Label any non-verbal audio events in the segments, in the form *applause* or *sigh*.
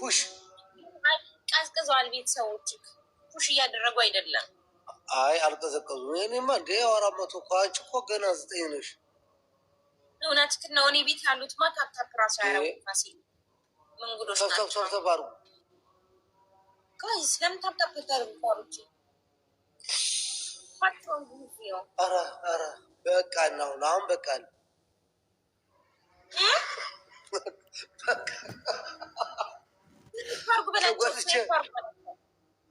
ፑሽ ቀዝቅዟል። ቤተሰቦች ፑሽ እያደረጉ አይደለም። አይ አልቀዘቀዙ። እኔማ እንደ አራት መቶ እኮ አንቺ እኮ ገና ዘጠኝ ነሽ። እውነትህን ነው። እኔ ቤት ያሉት ማ ታፕታፕ ራሱ ያረጉፋሴ መንጉዶች ናቸው። ሰብሰብ አድርጉ ጋይስ። ለምን ታፕታፕ ታደርጉ? ኳሮች ኧረ ኧረ በቃ እናሁን አሁን በቃ ነው ተጎልቼ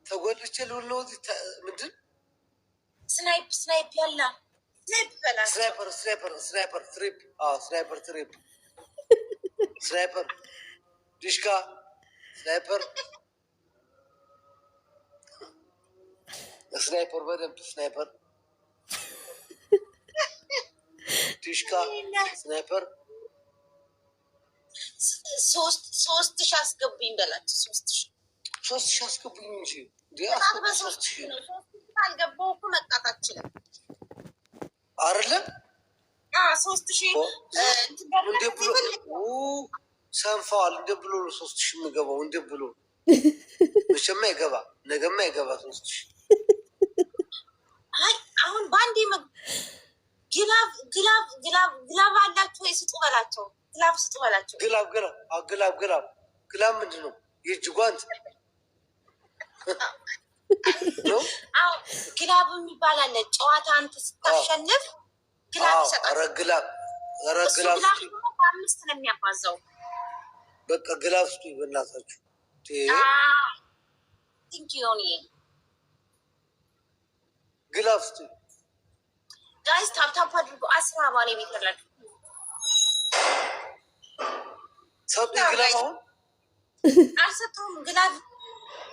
ተጎልቼ ልውሎ ምንድን ስናይፕ ስናይፕ ያላ ስናይፐር ስናይፐር ስናይፐር ትሪፕ ስናይፐር ትሪፕ ስናይፐር ዲሽካ ስናይፐር ስናይፐር በደንብ ስናይፐር ዲሽካ ስናይፐር ሶስት ሺህ አስገቡኝ በላቸው ሶስት ሺህ ሶስት ሺህ አስገቡኝ እንጂ ሶስት ሺህ አልገባው እኮ መጣት አችልም አይደለም። ሶስት ሺህ ሰንፈዋል። እንደ ብሎ ነው ሶስት ሺህ የምገባው እንደ ብሎ *laughs* መቼም አይገባ ነገማ አይገባ ሶስት ሺህ አሁን በአንዴ ግላብ ግላብ አላችሁ ወይ? ስጡ በላቸው። ግላብ ስጡ በላቸው። ግላብ ግላብ ግላብ ግላብ ምንድን ነው? የእጅ ጓንት ግላብ የሚባል አለ ጨዋታ አንተ ስታሸንፍ ግላብ ይሰጣል። ግላብ አምስት ነው የሚያባዛው። በቃ ግላብ ስጡ በእናታችሁ። ንኪሆን ግላብ ስጡ ጋይስ፣ ታፕታፕ አድርጎ አስራ ባለ ቤት ላችሁ ሰጡ ግላብ አሁን አልሰጡም ግላብ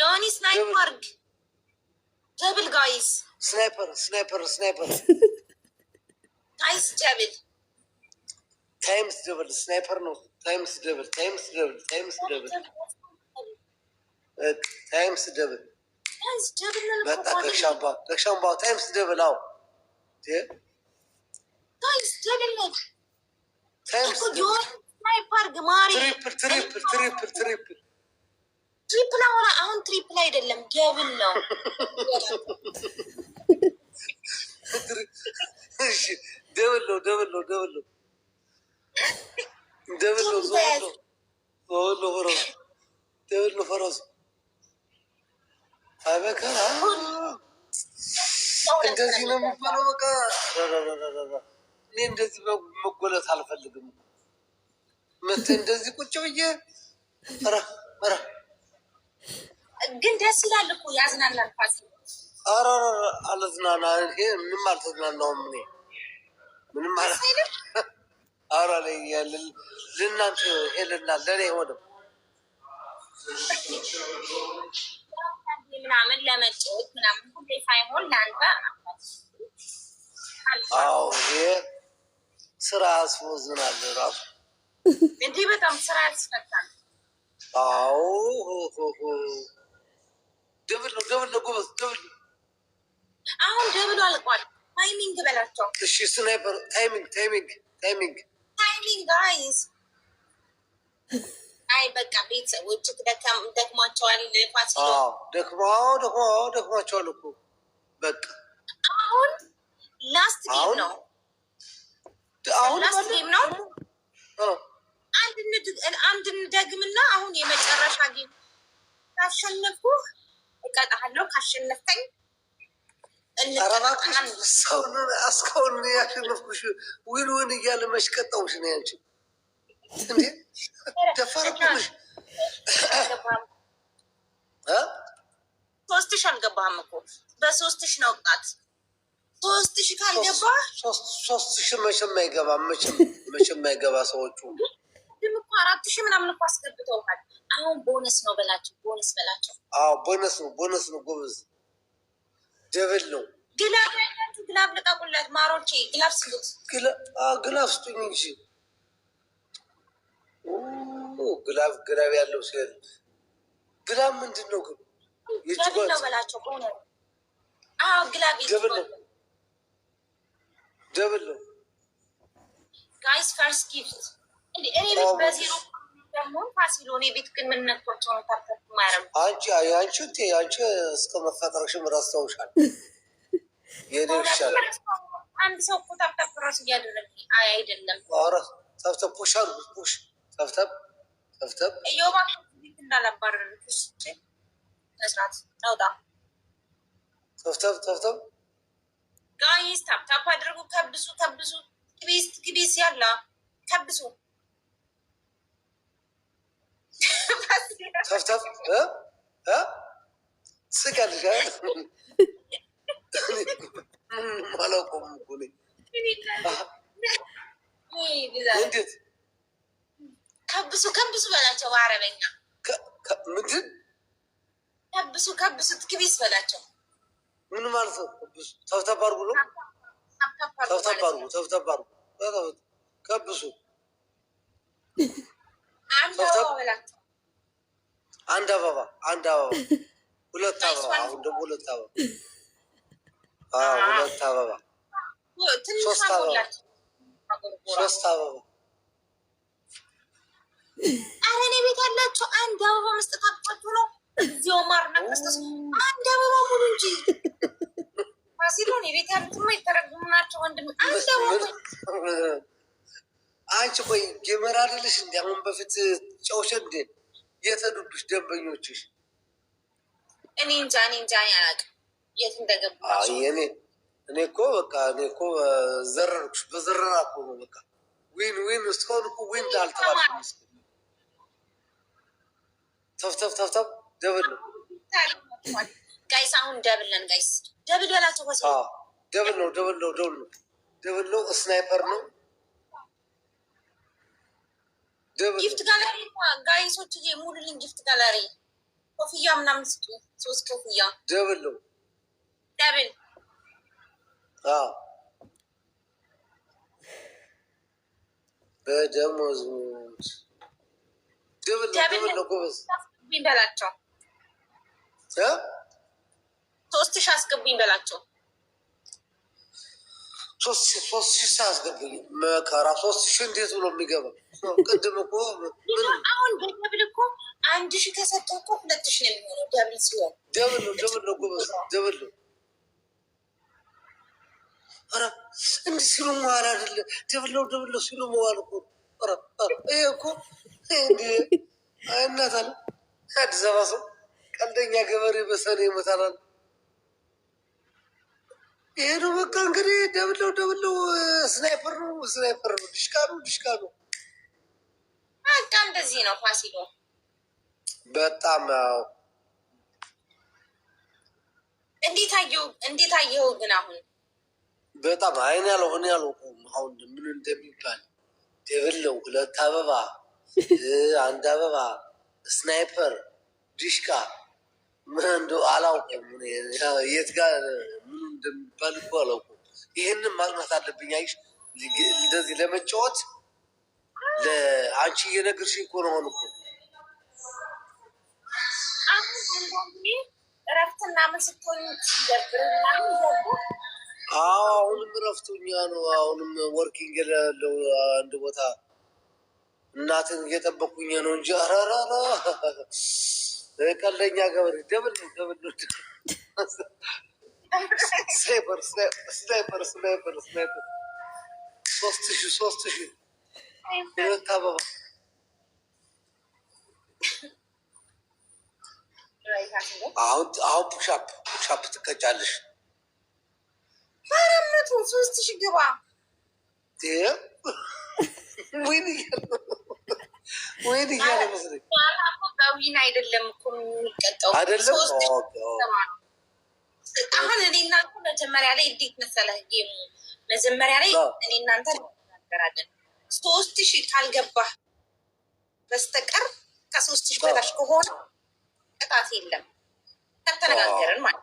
የሆኒ ስናይፐር አድርግ ጀብል ጋይስ ስናይፐር ስናይፐር ስናይፐር ጋይስ ጀብል ታይምስ ደብል ስናይፐር ነው። ታይምስ ደብል ታይምስ ደብል ታይምስ ደብል ታይምስ ደብል በቃ ከሻምባ ከሻምባ ታይምስ ደብል አው ትሪፕል ትሪፕል ትሪፕል ትሪፕል ትሪፕል አሁን አሁን ትሪፕል አይደለም ደብል ነው። ደብል ነው። ደብል ነው። ደብል ነው። ደብል ነው። ደብል ነው። ፈረሱ ደብል ነው። ፈረሱ አበከራ እንደዚህ ነው የሚባለው። በቃ እኔ እንደዚህ መጎለት አልፈልግም። መተ እንደዚህ ቁጭ ብዬ ራ ራ ግን ደስ ይላል እኮ ያዝናናል። ፋሲ ኧረ አልዝናና ምንም አልተዝናናውም። እኔ ምንም *laughs* ኧረ ልናንት ሄልና ለኔ ሆነው ምናምን ለመጫወት ምናምን ሁሌ ሳይሆን ለአንተ አዎ ይሄ ስራ አስወዝናል ራሱ እንዲህ በጣም ስራ ያስፈታል። አዎ ደብል ነው ደብል ነው ጎበዝ ደብል አሁን ደብሉ አልቋል። ታይሚንግ በላቸው። እሺ ስናይፐር ታይሚንግ ታይሚንግ ታይሚንግ ታይሚንግ ጋይዝ አይ በቃ ቤተሰቦች ደክሟቸዋል። ፋሲሎ ደክማ ደክሟቸዋል እኮ በቃ አሁን ላስት ጌም ነው። አሁን ነው። አንድ እንደግምና አሁን የመጨረሻ ጌም ታሸነፍኩህ እቀጣሃለሁ ካሸነፍከኝ እስካሁን ያሸነፍኩሽ ዊን ዊን እያለ መች ቀጣሁሽ ነው ያንቺ እንዴ ደፋረኩሽ ሶስት አልገባህም እኮ ነው ቅጣት ሶስት ካልገባህ ሶስት መቼም አይገባም መቼም አይገባ ሰዎቹ ድም እኮ አራት ምናምን እኮ አስገብተውሃል አሁን ቦነስ ነው በላቸው፣ ቦነስ በላቸው። አዎ ቦነስ ነው፣ ቦነስ ነው። ጎበዝ ደብል ነው። ግላብ ግላብ ልቀቁለት ማሮቼ፣ ግላብ ስሉት፣ ግላብ ስጡኝ እንጂ ግላብ ግላብ ያለው ሲል ግላብ ምንድን ነው ግን? ደብል ነው በላቸው። አዎ ግላብ ደብል ነው፣ ደብል ነው። ጋይስ ፈርስት ጊፍት እኔ ልጅ በዜሮ ደግሞ ፋሲሎ እኔ አንቺ አንቺ አንቺ እስከ መፈጠረሽም ረስተውሻል። *laughs* የደሻል አንድ ሰው እኮ ታብታብ እያደረግ አይደለም። ኧረ ተብተብ ፑሽ አድርጉ ፑሽ አድርጉ ከብሱ ከብሱ ግቤስ ግቤስ ያላ ከብሱ ተፍተፍ ስቀልሻ ማላውቀውም እኮ እንዴት ከብሱ ከብሱ በላቸው በአረበኛ ምንድን ከብሱ ከብሱ ትክቢስ በላቸው። ምን ማለት ነው? ከብሱ ተፍተፍ አድርጉ ነው። ተፍተፍ አድርጉ ተፍተፍ አድርጉ ከብሱ አንድ አበባ አንድ አበባ ሁለት አበባ አሁን ደግሞ ሁለት አበባ ሁለት አበባ ሶስት አበባ ሶስት አበባ ኧረ እኔ ቤት ያላችሁ አንድ አበባ መስጠት አቃችሁ ነው። እዚያው ማር ነቀስተስ አንድ አበባ ሙሉ እንጂ ሲሉ እኔ ያሉትማ የተረጉሙ ናቸው ወንድም አንድ አበባ ጌመር እንዲ አሁን በፊት ጨውሸ እንዴ የተዱብሽ ደንበኞችሽ እኔ እንጃ እኔ እንጃ ያቅ የት እንደገባ እኔ እኔ እኮ በቃ እኔ እኮ ዘረርኩሽ በዘረራ እኮ ነው በቃ ዊን ዊን እስካሁን እኮ ዊን አልተባልኩም ተፍተፍ ተፍተፍ ደብል ነው ጋይስ አሁን ደብል ነን ጋይስ ደብል በላቸው ደብል ነው ደብል ነው ደብል ነው ደብል ነው ስናይፐር ነው ጊፍት ጋለሪ ጋይሶች ሙሉልኝ። ጊፍት ጋለሪ ኮፍያ ምናምን ስጡ። ሶስት ኮፍያ ደብል ነው ደብል በደሞዝ ደብል ደብል ነው ጎበዝ አስገቡኝ በላቸው። ሶስት ሺህ አስገቡኝ በላቸው። ሶስት ሺህ አስገቡኝ መከራ ሶስት ሺህ እንዴት ብሎ የሚገባ ቅድም እኮ አሁን በደብል እኮ አንድ ከሰጠ እኮ ሁለት ነው የሚሆነው። ደብል ሲሆን ደብል ነው ደብል ነው ጎበዝ ደብል ነው። ኧረ እንዲህ ሲሉ መዋል አይደለ ደብል ነው ደብል ነው ሲሉ መዋል እኮ ይሄ እኮ እናታል አዲስ አበባ ሰው ቀልደኛ ገበሬ በሰኔ ይመታላል። ይሄ ነው በቃ እንግዲህ ደብለው ደብለው ስናይፐር ነው ስናይፐር ነው። ድሽቃ ነው ድሽቃ ነው። በቃ እንደዚህ ነው ፋሲሎ። በጣም እንዴት አየው እንዴት አየው ግን አሁን በጣም አይን ያልሆነ ያለው አሁን ምን እንደሚባል ደብለው ሁለት አበባ አንድ አበባ ስናይፐር ዲሽካ ምን እንደው አላውቅም። የት ጋር ምን እንደሚባል እኮ አላውቅም። ይህንን ማግኘት አለብኝ። አይሽ እንደዚህ ለመጫወት ለአንቺ እየነገርሽኝ እኮ ነው። አሁን እኮ አሁንም እረፍቱኛ ነው። አሁንም ወርኪንግ ለው አንድ ቦታ እናትን እየጠበኩኝ ነው እንጂ አራራራ ቀለኛ ገበሬ ደብል ደብል ነው። ስናይፐር ስናይፐር ስናይፐር ስናይፐር ሶስት ሺህ ሶስት ሺህ አሁን አሁን ፑሻፕ ፑሻፕ ትቀጫለሽ። አራት መቶ ሶስት ሺህ ግባ ወይን እያለ መስለኝ አይደለም እኮ የሚቀጣው አይደለም። አሁን እኔ እናንተ መጀመሪያ ላይ እንዴት መሰለህ፣ መጀመሪያ ላይ እኔ እናንተ እናገራለን ሶስት ሺ ካልገባህ በስተቀር ከሶስት ሺ በታች ከሆነ ቅጣት የለም። ከተነጋገርን ማለት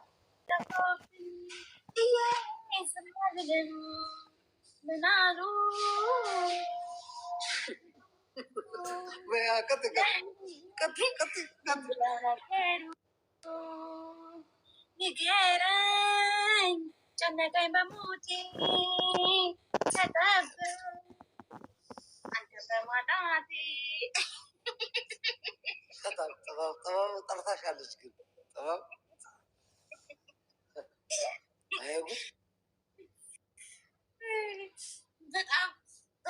ንገረኝ ጨነቀኝ በሞቴ በማጣቴ ጥበብ ጠርታሻለች። ግን ጥበብ በጣም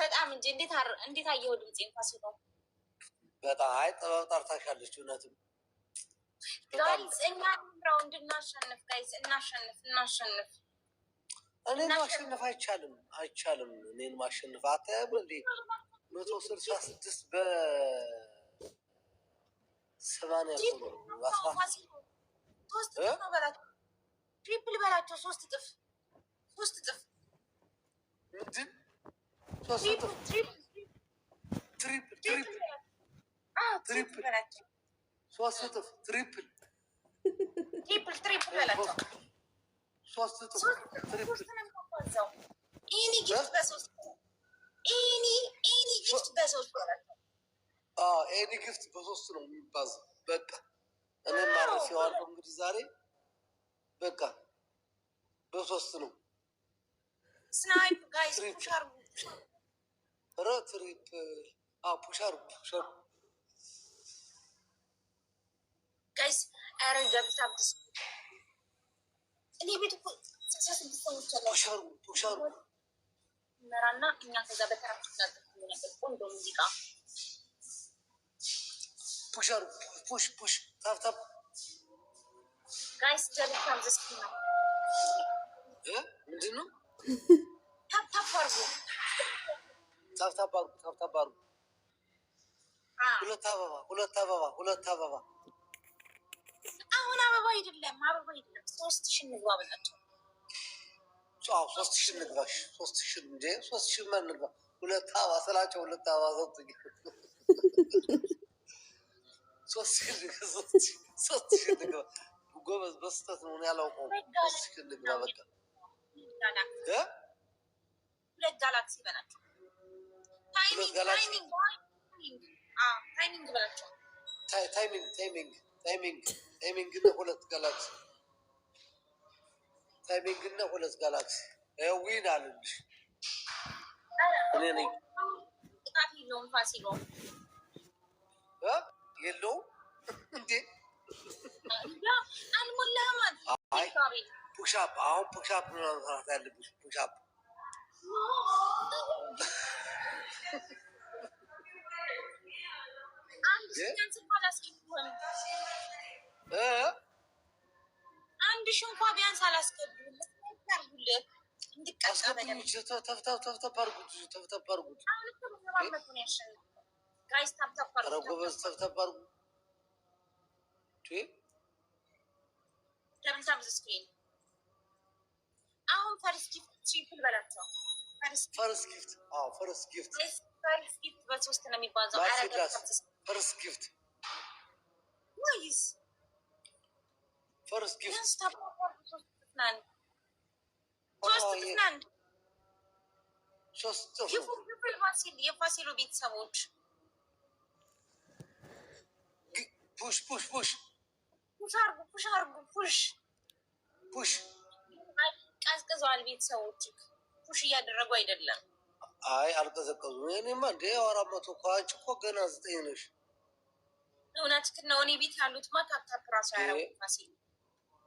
በጣም እንጂ እንዴት አይ ጥበብ ጠርታሻለች። እውነትም ጋይስ እኛ ራውንድ እናሸንፍ፣ ጋይስ እናሸንፍ፣ እኔን ማሸንፍ አይቻልም፣ አይቻልም። እኔን ማሸንፍ አታየም መቶ ስልሳ ስድስት በሰማንያ ትሪፕል በላቸው። ሶስት እጥፍ ሶስት እጥፍ ምንድን ሶስት እጥፍ ትሪፕል ትሪፕል ትሪፕል በላቸው። ሶስት እጥፍ ትሪፕል ኤኒ ጊፍት በሶስት ኤኒ ጊፍት በሶስት ነው የሚባዝ። በቃ እኔ ማረፊዋለሁ እንግዲህ ዛሬ በቃ በሶስት ነው። ስናይፕ ጋይስ ረ ትሪፕ ፑሻር ፑሻር ጋይስ እኔ ቤት ፑሻር ፑሻር መራና እኛ ከዛ በተራ ነበር። ቆንጆ ሙዚቃ ፑሸሩ ፑሽ ፑሽ ታብታብ ጋይስ ጀልታም ዘስኪ ነው ምንድን ነው ታብታብ አርጉ፣ ታብታብ አርጉ፣ ታብታብ አርጉ። ሁለት አበባ ሁለት አበባ ሁለት አበባ። አሁን አበባ አይደለም አበባ አይደለም። ሶስት ሺህ በላቸው ሶስት ሺህ ሶስት እንደ ሶስት ሁለት አባ ስላቸው ሁለት አባ ሶስት ጎበዝ በስተት ነው ያላውቀው ሶስት በቃ ታይሚንግ ታይሚንግ ታይሚንግ ታይሚንግ ሁለት ጋላክሲ ታይሚንግና ሁለት ጋላክሲ ዊን አልልሽ እኔ ነኝ። የለውም ፋሲሎ *laughs* እንዴ? አሁን ፑሻፕ አሁን ፑሻፕ ነው ያለብሽ ፑሻፕ አስገቡለት አሁን ፈርስት ጊፍት ትሪፕል በላቸው። ፈርስት ጊፍት ፈርስት ጊፍት ፈርስት ጊፍት በሶስት ነው የሚባዛው። ፈርስት ጊፍት ወይስ ፈርስት ጊፍት የፋሲሉ ቤተሰቦች ፑሽ ፑሽ ፑሽ ፑሽ አርጉ ፑሽ አርጉ ፑሽ ፑሽ ቀዝቅዘዋል። ቤተሰቦች ፑሽ እያደረጉ አይደለም። አይ አልቀዘቀዙ። እኔማ እንደ አራት መቶ እኮ እኮ ገና ዘጠኝ ነሽ። እውነትህን ነው። እኔ ቤት ያሉትማ ታፕታፕ ራሱ ያረጉ ፋሲል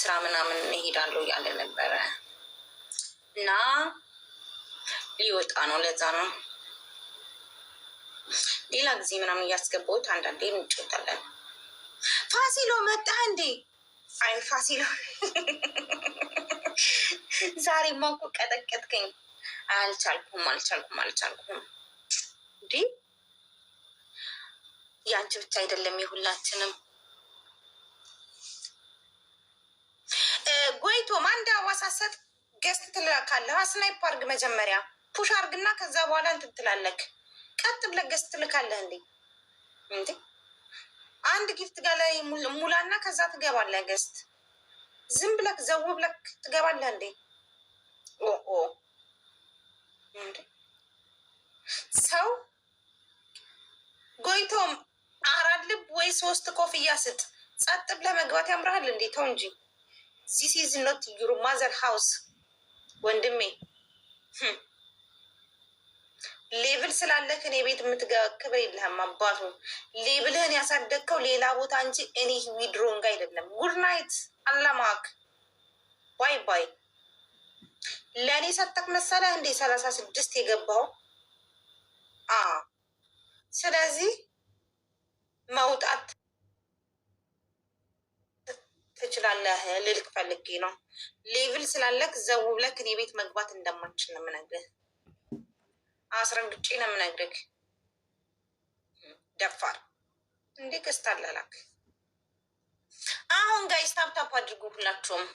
ስራ ምናምን እሄዳለሁ እያለ ነበረ እና ሊወጣ ነው። ለዛ ነው ሌላ ጊዜ ምናምን እያስገባሁት አንዳንዴ እንጫወታለን። ፋሲሎ መጣ እንዴ? አይ ፋሲሎ *laughs* ዛሬ ማኮ ቀጠቀጥከኝ። አልቻልኩም፣ አልቻልኩም፣ አልቻልኩም። እንዴ ያንቺ ብቻ አይደለም የሁላችንም ጎይቶ ማንዳ ዋሳሰት ገስት ትልካለህ። ስናይፕ አርግ መጀመሪያ ፑሽ አርግና ከዛ በኋላ እንትን ትላለህ። ቀጥ ብለህ ገስት ትልካለህ። እንዴ እንዴ አንድ ጊፍት ጋር ላይ ሙላና ከዛ ትገባለህ። ገስት ዝም ብለህ ዘው ብለህ ትገባለህ። እንዴ ኦኦ ሰው ጎይቶም አራት ልብ ወይ ሶስት ኮፍያ ስጥ። ጸጥ ብለህ መግባት ያምርሃል እንዴ? ተው እንጂ ዚስ ኢዝ ኖት ዩር ማዘር ሃውስ ወንድሜ hm. ሌብል ስላለህ እኔ ቤት የምትገባ ክብር የለህም። አባቱ ሌብልህን ያሳደግከው ሌላ ቦታ እንጂ እኔ ዊድሮንግ አይደለም። ጉድ ናይት አላማክ ባይ ባይ። ለእኔ ሰጠቅ መሰለህ እንዴ ሰላሳ ስድስት የገባው አ ስለዚህ መውጣት ትችላለህ ልልክ ፈልጌ ነው። ሌቭል ስላለክ ዘው ብለክ እኔ ቤት መግባት እንደማችል ነው የምነግርህ። አስረግጬ ነው የምነግርህ። ደፋር እንዴ ክስታለላክ። አሁን ጋይስ ታፕታፕ አድርጉ ሁላችሁም።